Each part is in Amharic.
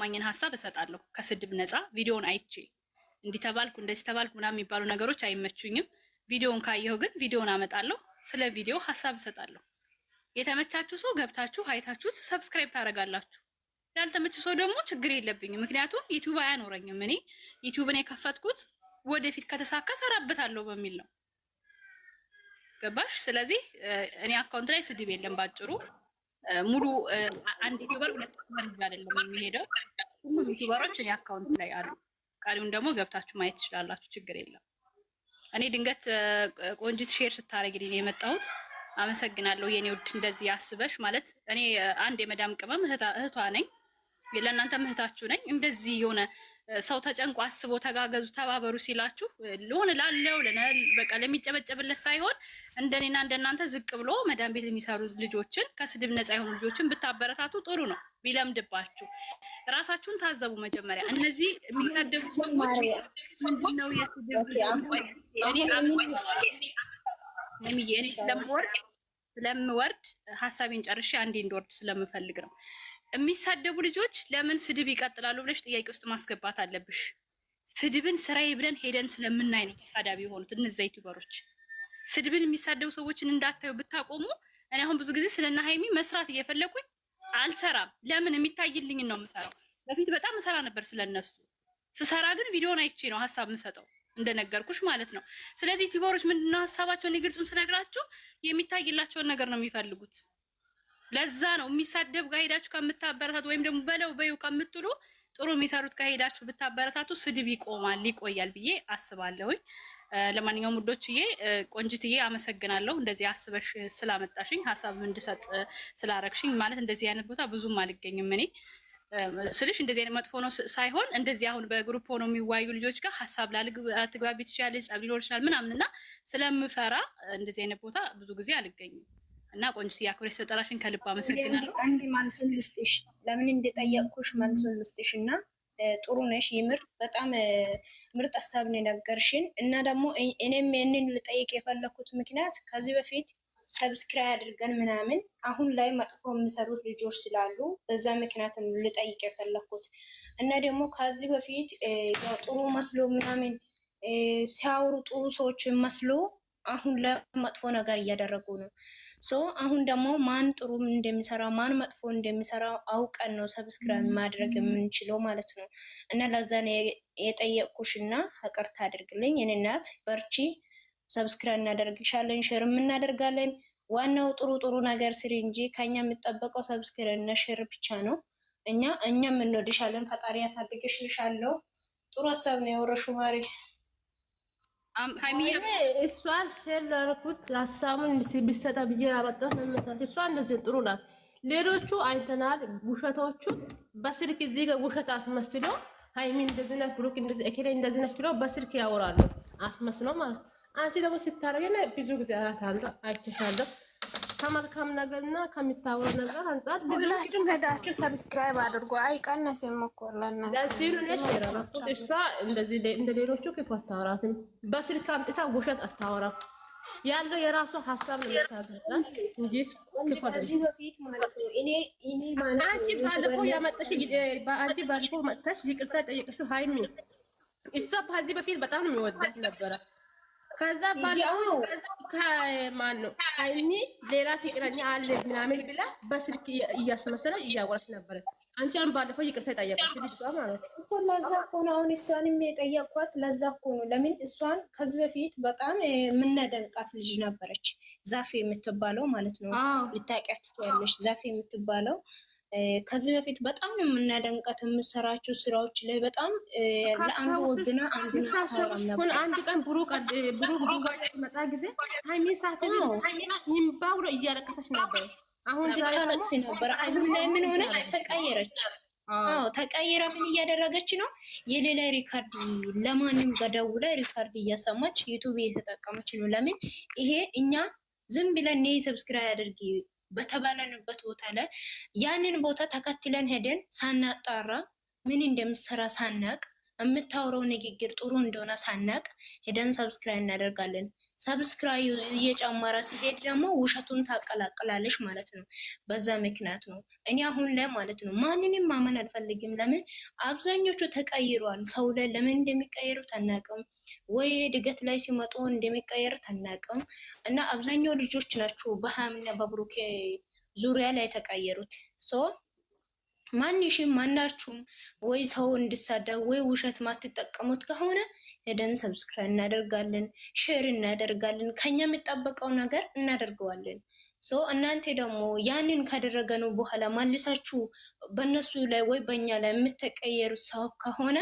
ማኝን ሀሳብ እሰጣለሁ ከስድብ ነፃ ቪዲዮን አይቼ እንዲህ ተባልኩ እንደዚህ ተባልኩ ምናምን የሚባሉ ነገሮች አይመቹኝም። ቪዲዮን ካየሁ ግን ቪዲዮን አመጣለሁ፣ ስለ ቪዲዮ ሀሳብ እሰጣለሁ። የተመቻችሁ ሰው ገብታችሁ አይታችሁት ሰብስክራይብ ታደርጋላችሁ። ያልተመች ሰው ደግሞ ችግር የለብኝም፣ ምክንያቱም ዩቲዩብ አያኖረኝም። እኔ ዩቲዩብን የከፈትኩት ወደፊት ከተሳካ ሰራበታለሁ በሚል ነው። ገባሽ? ስለዚህ እኔ አካውንት ላይ ስድብ የለም ባጭሩ። ሙሉ አንድ ዩቲዩበር ሁለት ዩቲዩበር አይደለም የሚሄደው። ሁሉም ዩቲዩበሮች እኔ አካውንት ላይ አሉ። ቀሪውን ደግሞ ገብታችሁ ማየት ትችላላችሁ። ችግር የለም። እኔ ድንገት ቆንጂት ሼር ስታደርግልኝ ነው የመጣሁት። አመሰግናለሁ የኔ ውድ፣ እንደዚህ አስበሽ ማለት እኔ አንድ የመዳም ቅመም እህቷ ነኝ፣ ለእናንተም እህታችሁ ነኝ። እንደዚህ የሆነ ሰው ተጨንቆ አስቦ ተጋገዙ፣ ተባበሩ ሲላችሁ ሊሆን ላለው በቃ ለሚጨበጨብለት ሳይሆን እንደኔና እንደናንተ ዝቅ ብሎ መዳን ቤት የሚሰሩ ልጆችን ከስድብ ነፃ የሆኑ ልጆችን ብታበረታቱ ጥሩ ነው። ቢለምድባችሁ ራሳችሁን ታዘቡ። መጀመሪያ እነዚህ የሚሰደቡ ሰዎች ስለምወርድ ስለምወርድ ሀሳቤን ጨርሼ አንዴ እንድወርድ ስለምፈልግ ነው። የሚሳደቡ ልጆች ለምን ስድብ ይቀጥላሉ ብለሽ ጥያቄ ውስጥ ማስገባት አለብሽ። ስድብን ስራዬ ብለን ሄደን ስለምናይ ነው ተሳዳቢ የሆኑት እነዚ ዩቲዩበሮች። ስድብን የሚሳደቡ ሰዎችን እንዳታዩ ብታቆሙ። እኔ አሁን ብዙ ጊዜ ስለና ሀይሚ መስራት እየፈለኩኝ አልሰራም። ለምን የሚታይልኝን ነው የምሰራው። በፊት በጣም እሰራ ነበር ስለነሱ። ስሰራ ግን ቪዲዮን አይቼ ነው ሀሳብ የምሰጠው እንደነገርኩሽ ማለት ነው። ስለዚህ ዩቲዩበሮች ምንድነው ሀሳባቸውን ግልጹን ስነግራችሁ የሚታይላቸውን ነገር ነው የሚፈልጉት። ለዛ ነው የሚሳደብ ጋር ሄዳችሁ ከምታበረታቱ ወይም ደግሞ በለው በዩ ከምትሉ ጥሩ የሚሰሩት ጋር ሄዳችሁ ብታበረታቱ ስድብ ይቆማል፣ ይቆያል ብዬ አስባለሁኝ። ለማንኛውም ውዶችዬ፣ ቆንጅትዬ አመሰግናለሁ። እንደዚህ አስበሽ ስላመጣሽኝ፣ ሀሳብ እንድሰጥ ስላረግሽኝ። ማለት እንደዚህ አይነት ቦታ ብዙም አልገኝም እኔ ስልሽ እንደዚህ አይነት መጥፎ ነው ሳይሆን እንደዚህ አሁን በግሩፕ ሆኖ የሚዋዩ ልጆች ጋር ሀሳብ ላትግባቢ ትችላለች፣ ጸብ ሊኖር ይችላል ምናምን እና ስለምፈራ እንደዚህ አይነት ቦታ ብዙ ጊዜ አልገኝም። እና ቆንጆ ያክብረ ስለጠራሽን ከልብ አመሰግናለሁ። አንድ መልሱን ልስጥሽ፣ ለምን እንደጠየቅኩሽ መልሱን ልስጥሽ እና ጥሩ ነሽ። ይምር በጣም ምርጥ ሀሳብ ነው የነገርሽን እና ደግሞ እኔም ይህንን ልጠይቅ የፈለኩት ምክንያት ከዚህ በፊት ሰብስክራይ አድርገን ምናምን አሁን ላይ መጥፎ የሚሰሩት ልጆች ስላሉ በዛ ምክንያት ልጠይቅ የፈለኩት እና ደግሞ ከዚህ በፊት ጥሩ መስሎ ምናምን ሲያወሩ ጥሩ ሰዎች መስሎ አሁን ላይ መጥፎ ነገር እያደረጉ ነው። ሶ አሁን ደግሞ ማን ጥሩ እንደሚሰራ ማን መጥፎ እንደሚሰራ አውቀን ነው ሰብስክራይብ ማድረግ የምንችለው ማለት ነው። እና ለዛ ነው የጠየቅኩሽና ይቅርታ አድርግልኝ። እኔ እናት በርቺ፣ ሰብስክራይብ እናደርግሻለን፣ ሼርም እናደርጋለን። ዋናው ጥሩ ጥሩ ነገር ስሪ እንጂ ከኛ የምጠበቀው ሰብስክራይብ እና ሼር ብቻ ነው። እኛ እኛ የምንወድሻለን። ፈጣሪ ያሳድግሽ ጥሩ ሀሳብ ነው የወረሹ ማሪ እሷን ሼር ላደረኩት ሀሳቡን ቢሰጠ ብዬ ያመጣሁት ነው እሷ እንደዚህ ጥሩ ናት። ሌሎቹ አይተናል። ውሸቶቹ በስልክ እዚህ ጋር ውሸት አስመስሎ ሃይሚ እንደዚህ ነች፣ ብሩክ እንደዚህ ነች ብሎ በስልክ ያወራሉ። አስመስሎ ማለት አንቺ ደግሞ ስታረገ ብዙ ጊዜ አይቻለሁ ከመልካም ነገር ከሚታወር ነገር አንጻር ሁላችሁም ሄዳችሁ ሰብስክራይብ አድርጎ አይቀነስ የምኮለና እሷ እንደዚህ እንደ ሌሎቹ ክፉ አታወራትም። በስልክ አምጥታ ውሸት አታወራም። ያለው የራሱ ሀሳብ ነው የምታገጣ ባለፈው መጥተሽ ይቅርታ ጠየቅሽው ሃይሚ እሷ ከዚህ በፊት በጣም የሚወዳት ነበረ ከዛ ባማን ነው አይኒ ሌላ ፍቅረኛ አለ ምናምን ብላ በስልክ እያስመሰለ እያወራች ነበረ። አንቺ አሁን ባለፈው ይቅርታ የጠየቀች ልጅ ማለት ነው። ለዛ እኮ ነው አሁን እሷንም የጠየቅኳት። ለዛ እኮ ነው ለምን እሷን ከዚህ በፊት በጣም የምነደንቃት ልጅ ነበረች፣ ዛፌ የምትባለው ማለት ነው። ልታውቂያት ትችያለሽ ዛፌ የምትባለው ከዚህ በፊት በጣም ነው የምናደንቃት የምሰራቸው ስራዎች ላይ በጣም ለአንዱ ወግና አንዱ አታወራም ነበር። አንድ ቀን ብሩክ መጣ ጊዜ ታይሜ ሳትን ይንባውረ እያለቀሰች ነበር። አሁን ስታለቅስ ነበር። አሁን ላይ ምን ሆነ? ተቀየረች። አዎ ተቀይራ ምን እያደረገች ነው? የሌላ ሪካርድ ለማንም ገደውላ ሪካርድ እያሰማች ዩቱብ እየተጠቀመች ነው። ለምን ይሄ እኛ ዝም ብለን ኔ ሰብስክራይብ አድርጊ በተባለንበት ቦታ ላይ ያንን ቦታ ተከትለን ሄደን ሳናጣራ ምን እንደምሰራ ሳናቅ የምታውረው ንግግር ጥሩ እንደሆነ ሳናቅ ሄደን ሰብስክራይብ እናደርጋለን። ሰብስክራይብ እየጨመረ ሲሄድ ደግሞ ውሸቱን ታቀላቅላለች ማለት ነው። በዛ ምክንያት ነው እኔ አሁን ላይ ማለት ነው ማንንም ማመን አልፈልግም። ለምን አብዛኞቹ ተቀይሯል። ሰው ላይ ለምን እንደሚቀየሩ ተናቅም ወይ ድገት ላይ ሲመጡ እንደሚቀየር ተናቅም እና አብዛኛው ልጆች ናቸው በሀምና በብሩኬ ዙሪያ ላይ የተቀየሩት ሶ ማንሽም ማናችሁም ወይ ሰው እንድሳደብ ወይ ውሸት ማትጠቀሙት ከሆነ ሄደን ሰብስክራይብ እናደርጋለን፣ ሼር እናደርጋለን። ከኛ የሚጠበቀው ነገር እናደርገዋለን። ሶ እናንተ ደግሞ ያንን ካደረገነው በኋላ ማልሳችሁ በእነሱ ላይ ወይ በእኛ ላይ የምትቀየሩት ሰው ከሆነ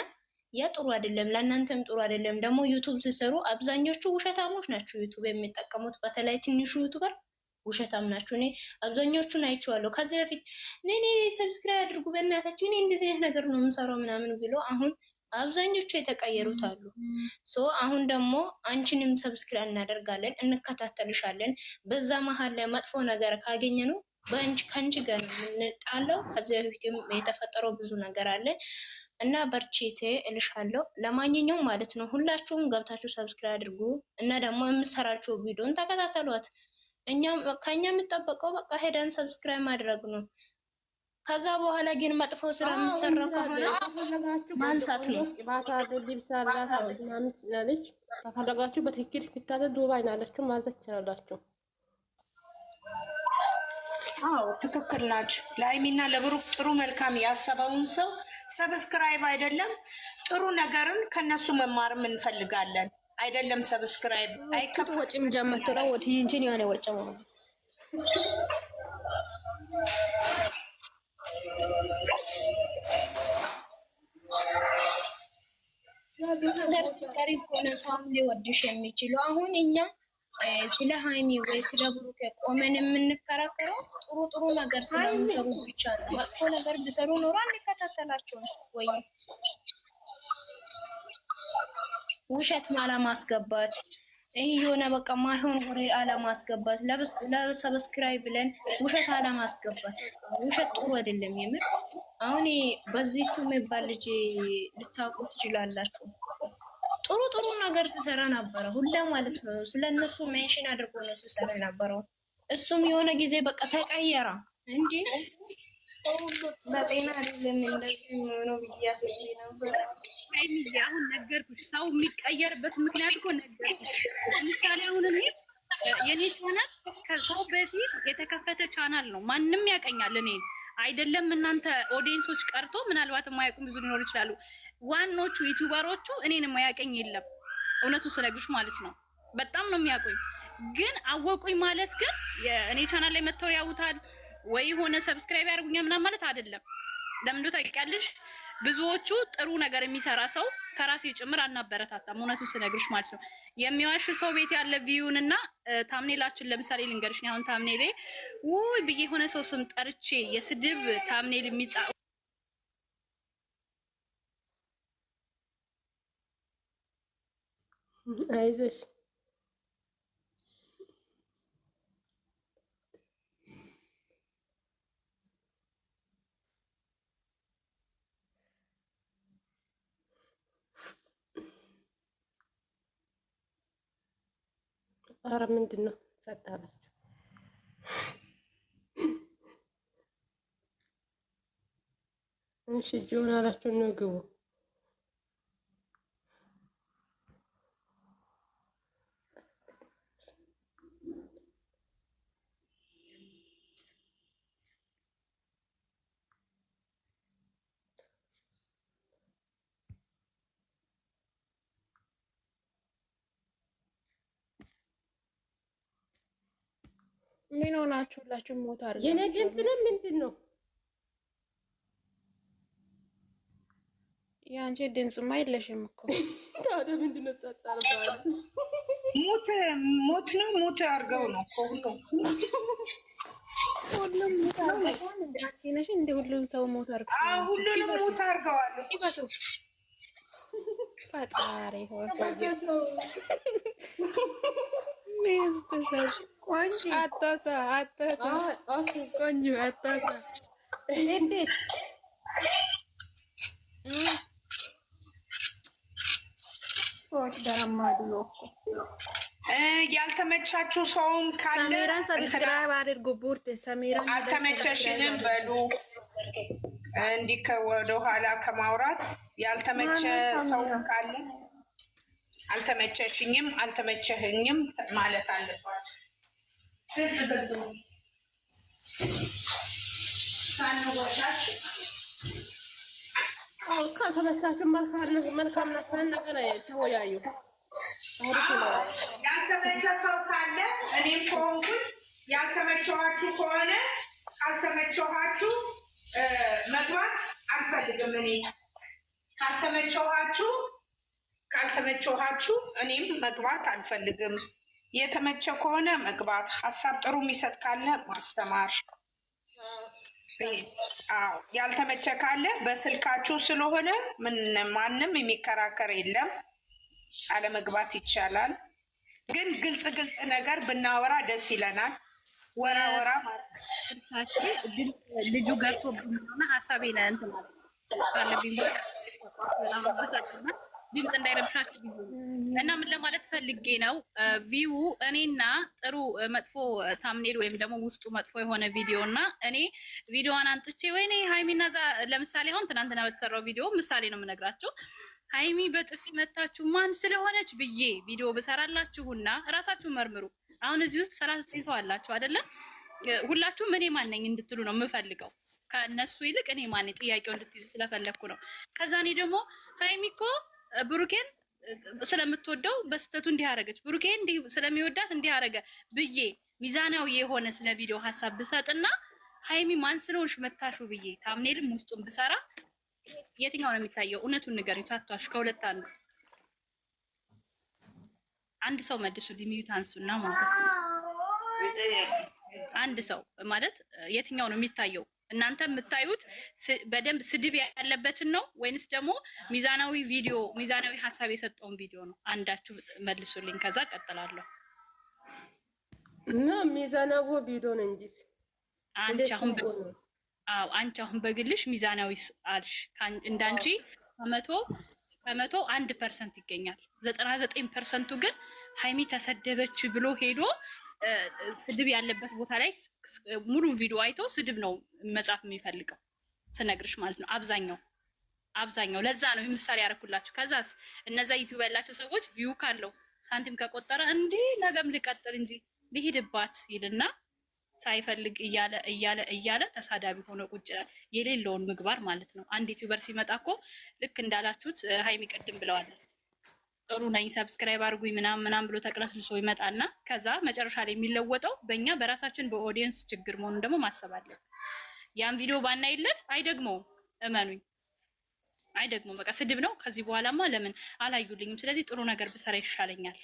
ያ ጥሩ አይደለም፣ ለእናንተም ጥሩ አይደለም። ደግሞ ዩቱብ ስሰሩ አብዛኞቹ ውሸታሞች ናቸው ዩቱብ የሚጠቀሙት። በተለይ ትንሹ ዩቱበር ውሸታም ናቸው። እኔ አብዛኞቹን አይቼዋለሁ ከዚህ በፊት እኔ ሰብስክራይብ አድርጉ በእናታችሁ እኔ እንደዚህ ነገር ነው የምሰራው ምናምን ብሎ አሁን አብዛኞቹ የተቀየሩት አሉ። ሶ አሁን ደግሞ አንቺንም ሰብስክራይብ እናደርጋለን፣ እንከታተልሻለን። በዛ መሀል ላይ መጥፎ ነገር ካገኘ ነው ከአንቺ ጋር የምንጣለው። ከዚያ በፊት የተፈጠረው ብዙ ነገር አለ እና በርቼቴ እልሻለሁ። ለማንኛውም ማለት ነው ሁላችሁም ገብታችሁ ሰብስክራይብ አድርጉ እና ደግሞ የምሰራቸው ቪዲዮን ተከታተሏት። እኛም ከእኛ የምጠበቀው በቃ ሄደን ሰብስክራይብ ማድረግ ነው። ከዛ በኋላ ግን መጥፎ ስራ የሚሰራ ከሆነ ማንሳት ነው። ከፈለጋችሁ በትክክል ፍታተ ዱባይ ናለችሁ ማዘት ይችላላችሁ። አዎ ትክክል ናችሁ። ለአይሚና ለብሩክ ጥሩ መልካም ያሰበውን ሰው ሰብስክራይብ አይደለም ጥሩ ነገርን ከነሱ መማርም እንፈልጋለን። አይደለም ሰብስክራይብ አይከፍ ወጪም ጀመትራ ወዲህ እንጂ የሆነ ወጪ ደርስ ሰሪ ከሆነ ሰውም ሊወድሽ የሚችለው አሁን እኛ ስለ ሀይሚ ወይ ስለ ብሩክ ቆመን የምንከራከረው ጥሩ ጥሩ ነገር ስለሚሰሩ ብቻ ነው። መጥፎ ነገር ቢሰሩ ኖሮ እንከታተላቸው ወይ ውሸት ማላማስገባት ይህ የሆነ በቃ ማይሆን ወሬ አለማስገባት፣ ለሰብስክራይብ ብለን ውሸት አለማስገባት። ውሸት ጥሩ አይደለም። የምር አሁን በዚህ የሚባል ልጅ ልታውቁ ትችላላችሁ። ጥሩ ጥሩ ነገር ስሰራ ነበረ፣ ሁላ ማለት ነው። ስለነሱ ሜንሽን አድርጎ ነው ስሰራ ነበረው። እሱም የሆነ ጊዜ በቃ ተቀየረ። እንዲ በጤና አይደለም እንደዚህ ነው ብዬ አስቤ ነበር። ሀይሚዬ አሁን ነገርኩሽ። ሰው የሚቀየርበት ምክንያት እኮ ነገርኩሽ። ምሳሌ አሁን የኔ ቻናል ከሰው በፊት የተከፈተ ቻናል ነው። ማንም ያቀኛል እኔ አይደለም እናንተ ኦዲየንሶች ቀርቶ ምናልባት የማያውቁም ብዙ ሊኖሩ ይችላሉ። ዋናዎቹ ዩቲዩበሮቹ እኔን የማያቀኝ የለም። እውነቱ ስነግርሽ ማለት ነው። በጣም ነው የሚያውቁኝ። ግን አወቁኝ ማለት ግን እኔ ቻናል ላይ መጥተው ያውታል ወይ የሆነ ሰብስክራይብ ያደርጉኛል ምናምን ማለት አይደለም። ለምንዶ ታውቂያለሽ ብዙዎቹ ጥሩ ነገር የሚሰራ ሰው ከራሴ ጭምር አናበረታታም። እውነቱን ስነግርሽ ማለት ነው። የሚዋሽ ሰው ቤት ያለ ቪዩን እና ታምኔላችን ለምሳሌ ልንገርሽ፣ አሁን ታምኔሌ ውይ ብዬ የሆነ ሰው ስም ጠርቼ የስድብ ታምኔል የሚጻ አይዞሽ አረ ምንድን ነው ጸጥ እሺ እጅ አላችሁ ነው ግቡ ምን ሆናችሁ? ሁላችሁም ሞት አድርጋችሁ የኔ ድምፅ ነው። ምንድን ነው የአንቺ ድምፅማ የለሽም እኮ ታዲያ ምንድን ነው? ሞት ነው። ሞት አርገው ነው እኮ ሁሉም ሞት እንደ ሁሉም ሰው ሞት ሁሉንም ሞት አድርገዋል። ፈጣሪ ሆይ ያልተመቻችሁ ሰውም ካለ ሰብስክራይብ አድርጉ። ቡርት ሰሚራን አልተመቸሽንም በሉ እንዲህ ወደኋላ ከማውራት ያልተመቸ ሰውም ካለ አልተመቸሽኝም፣ አልተመቸህኝም ማለት አለባቸው። ካልተመቻችሁ መልካም ተወያዩ። ያልተመቸ ሰው ካለ እኔም ከሆንኩኝ ያልተመቸኋችሁ ከሆነ ካልተመቸኋችሁ መግባት አልፈልግም። እኔ ካልተመቸኋችሁ ካልተመቸኋችሁ እኔም መግባት አልፈልግም። የተመቸ ከሆነ መግባት፣ ሀሳብ ጥሩ የሚሰጥ ካለ ማስተማር፣ ያልተመቸ ካለ በስልካችሁ ስለሆነ ማንም የሚከራከር የለም። አለመግባት ይቻላል። ግን ግልጽ ግልጽ ነገር ብናወራ ደስ ይለናል። ወራ ወራ ልጁ ገብቶ ሀሳቤ ድምፅ እንዳይረብሻችሁ እና ምን ለማለት ፈልጌ ነው፣ ቪው እኔና ጥሩ መጥፎ ታምኔል ወይም ደግሞ ውስጡ መጥፎ የሆነ ቪዲዮ እና እኔ ቪዲዮዋን አንጥቼ ወይኔ ሀይሚና ዛ ለምሳሌ አሁን ትናንትና በተሰራው ቪዲዮ ምሳሌ ነው የምነግራቸው ሀይሚ በጥፊ መታችሁ ማን ስለሆነች ብዬ ቪዲዮ ብሰራላችሁና እራሳችሁ መርምሩ። አሁን እዚህ ውስጥ ሰላሳ ዘጠኝ ሰው አላችሁ አይደለም? ሁላችሁም እኔ ማን ነኝ እንድትሉ ነው የምፈልገው። ከእነሱ ይልቅ እኔ ማን ጥያቄው እንድትይዙ ስለፈለግኩ ነው። ከዛ እኔ ደግሞ ሀይሚ እኮ ብሩኬን ስለምትወደው በስተቱ እንዲህ አረገች፣ ብሩኬን ስለሚወዳት እንዲህ አረገ ብዬ ሚዛናዊ የሆነ ስለ ቪዲዮ ሀሳብ ብሰጥና ሀይሚ ማን ስለሆንሽ መታሹ ብዬ ታምኔልም ውስጡን ብሰራ የትኛው ነው የሚታየው? እውነቱን ንገሪኝ፣ ሳትዋሽ ከሁለት አንዱ። አንድ ሰው መልሱ፣ ሊሚዩት አንሱና ማለት ነው። አንድ ሰው ማለት የትኛው ነው የሚታየው? እናንተ የምታዩት በደንብ ስድብ ያለበትን ነው ወይንስ ደግሞ ሚዛናዊ ቪዲዮ ሚዛናዊ ሀሳብ የሰጠውን ቪዲዮ ነው? አንዳችሁ መልሱልኝ፣ ከዛ ቀጥላለሁ። እና ሚዛናዊ ቪዲዮ ነው እንጂ አንቺ አሁን አንቺ አሁን በግልሽ ሚዛናዊ አልሽ። እንዳንቺ ከመቶ ከመቶ አንድ ፐርሰንት ይገኛል። ዘጠና ዘጠኝ ፐርሰንቱ ግን ሀይሚ ተሰደበች ብሎ ሄዶ ስድብ ያለበት ቦታ ላይ ሙሉ ቪዲዮ አይቶ ስድብ ነው መጻፍ የሚፈልገው ስነግርሽ ማለት ነው። አብዛኛው አብዛኛው ለዛ ነው ይህ ምሳሌ ያደረኩላችሁ። ከዛስ እነዛ ዩቲዩብ ያላቸው ሰዎች ቪው ካለው ሳንቲም ከቆጠረ እንዲህ ነገም ልቀጥል እንጂ ልሂድባት ይልና ሳይፈልግ እያለ እያለ እያለ ተሳዳቢ ሆኖ ቁጭ ይላል። የሌለውን ምግባር ማለት ነው። አንድ ዩቲዩበር ሲመጣ እኮ ልክ እንዳላችሁት ሀይሚ ቅድም ብለዋለን ጥሩ ነኝ ሰብስክራይብ አርጉኝ ምናም ምናም ብሎ ተቅለስልሶ ይመጣና ከዛ መጨረሻ ላይ የሚለወጠው በእኛ በራሳችን በኦዲየንስ ችግር መሆኑን ደግሞ ማሰብ አለን። ያን ቪዲዮ ባናይለት አይደግመውም፣ እመኑኝ አይደግመውም። በቃ ስድብ ነው። ከዚህ በኋላማ ለምን አላዩልኝም፣ ስለዚህ ጥሩ ነገር ብሰራ ይሻለኛል።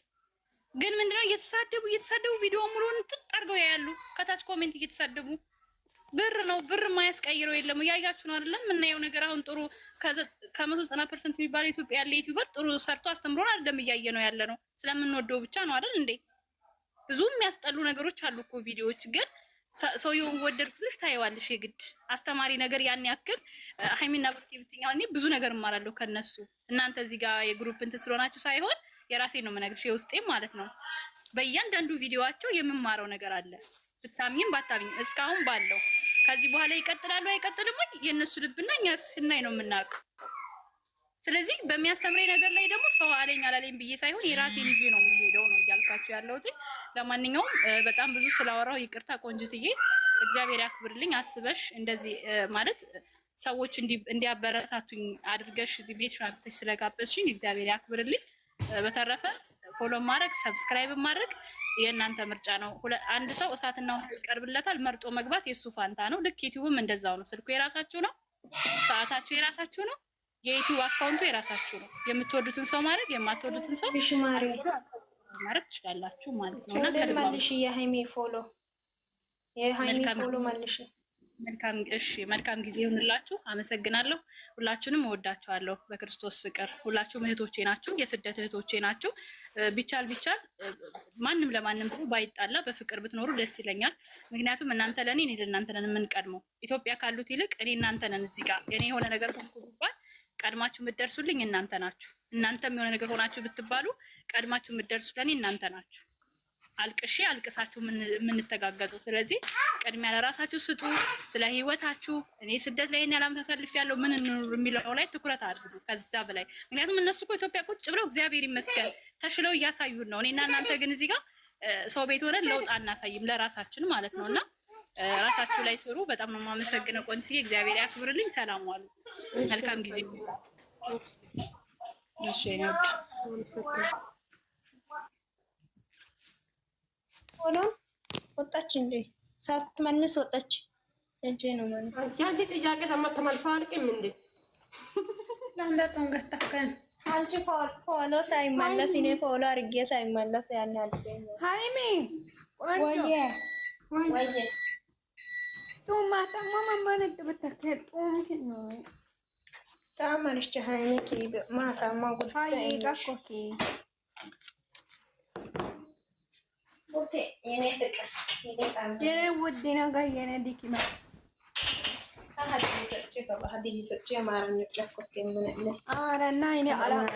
ግን ምንድነው እየተሳደቡ እየተሳደቡ ቪዲዮ ሙሉን ጥጥ አድርገው ያያሉ፣ ከታች ኮሜንት እየተሳደቡ ብር ነው ብር የማያስቀይረው የለም። እያያችሁ ነው አይደለም? የምናየው ነገር አሁን ጥሩ ከመቶ ዘጠና ፐርሰንት የሚባለው ኢትዮጵያ ያለ ዩቲዩበር ጥሩ ሰርቶ አስተምሮን አይደለም እያየ ነው ያለ ነው ስለምንወደው ብቻ ነው አይደል እንዴ? ብዙ የሚያስጠሉ ነገሮች አሉ እኮ ቪዲዮዎች፣ ግን ሰውየውን ወደድኩልሽ ታየዋለሽ። የግድ አስተማሪ ነገር ያን ያክል ሀይሚና ብሩኬ ብትኛ እኔ ብዙ ነገር እማራለሁ ከነሱ። እናንተ እዚህ ጋር የግሩፕ እንትን ስለሆናችሁ ሳይሆን የራሴ ነው የምነግርሽ፣ የውስጤም ማለት ነው። በእያንዳንዱ ቪዲዮዋቸው የምማረው ነገር አለ ብታምኝም ባታምኝም እስካሁን ባለው ከዚህ በኋላ ይቀጥላሉ አይቀጥልም ወይ የእነሱ ልብና እኛ ስናይ ነው የምናውቀው። ስለዚህ በሚያስተምረኝ ነገር ላይ ደግሞ ሰው አለኝ አላለኝ ብዬ ሳይሆን የራሴን ይዤ ነው የሚሄደው ነው እያልካቸው ያለሁት። ለማንኛውም በጣም ብዙ ስላወራው ይቅርታ ቆንጅትዬ፣ እግዚአብሔር ያክብርልኝ። አስበሽ እንደዚህ ማለት ሰዎች እንዲያበረታቱኝ አድርገሽ እዚህ ቤት ሽናግተሽ ስለጋበዝሽኝ እግዚአብሔር ያክብርልኝ። በተረፈ ፎሎ ማድረግ ሰብስክራይብ ማድረግ የእናንተ ምርጫ ነው። አንድ ሰው እሳትና ውሃ ይቀርብለታል፣ መርጦ መግባት የእሱ ፋንታ ነው። ልክ ዩቲዩብም እንደዛው ነው። ስልኩ የራሳችሁ ነው፣ ሰዓታችሁ የራሳችሁ ነው፣ የዩቲዩብ አካውንቱ የራሳችሁ ነው። የምትወዱትን ሰው ማድረግ የማትወዱትን ሰው ማድረግ ትችላላችሁ ማለት ነው። የሃይሜ ፎሎ የሃይሜ ፎሎ መልሽ መልካም እሺ፣ መልካም ጊዜ ይሁንላችሁ። አመሰግናለሁ። ሁላችሁንም እወዳችኋለሁ በክርስቶስ ፍቅር። ሁላችሁም እህቶቼ ናችሁ፣ የስደት እህቶቼ ናችሁ። ቢቻል ቢቻል ማንም ለማንም ብሎ ባይጣላ በፍቅር ብትኖሩ ደስ ይለኛል። ምክንያቱም እናንተ ለእኔ እኔ ለእናንተ ነን የምንቀድመው። ኢትዮጵያ ካሉት ይልቅ እኔ እናንተ ነን እዚህ ጋር የኔ የሆነ ነገር ሆንኩ ቢባል ቀድማችሁ የምትደርሱልኝ እናንተ ናችሁ። እናንተም የሆነ ነገር ሆናችሁ ብትባሉ ቀድማችሁ የምትደርሱ ለእኔ እናንተ ናችሁ። አልቅሼ አልቅሳችሁ የምንተጋገጠው። ስለዚህ ቅድሚያ ለራሳችሁ ስጡ። ስለ ህይወታችሁ እኔ ስደት ላይ ያለም ተሰልፍ ያለው ምን እንኑር የሚለው ላይ ትኩረት አድርጉ ከዛ በላይ ምክንያቱም እነሱ እኮ ኢትዮጵያ ቁጭ ብለው እግዚአብሔር ይመስገን ተሽለው እያሳዩን ነው። እኔና እናንተ ግን እዚህ ጋር ሰው ቤት ሆነን ለውጥ አናሳይም፣ ለራሳችን ማለት ነው። እና ራሳችሁ ላይ ስሩ። በጣም ነው የማመሰግነው ቆንጆዬ፣ እግዚአብሔር ያክብርልኝ። ሰላም ዋሉ፣ መልካም ጊዜ። ሆኖ ወጣች እንጂ ሳትመልስ ወጣች እንጂ ነው ማለት ያንቺ ጥያቄ ተማ ተመልሶ አልቅም እንዴ ለአንዳቱን ገጠከን አንቺ ፎሎ ሳይመለስ እኔ ፎሎ አርጌ ሳይመለስ ያን አልገኝ ሃይሚ ወየ ወየ ጡማ ጠማ ማማን እንደበተከ ጡም ከነ ጣማንሽ ሃይሚ ኪ ማታማ ጉድ ሳይ ዳኮኪ ውድ ነገር የኔ ዲኪማ ሀዲስ ሰጭ አማርኛ ጨኮት ምን አረና እኔ አላቀ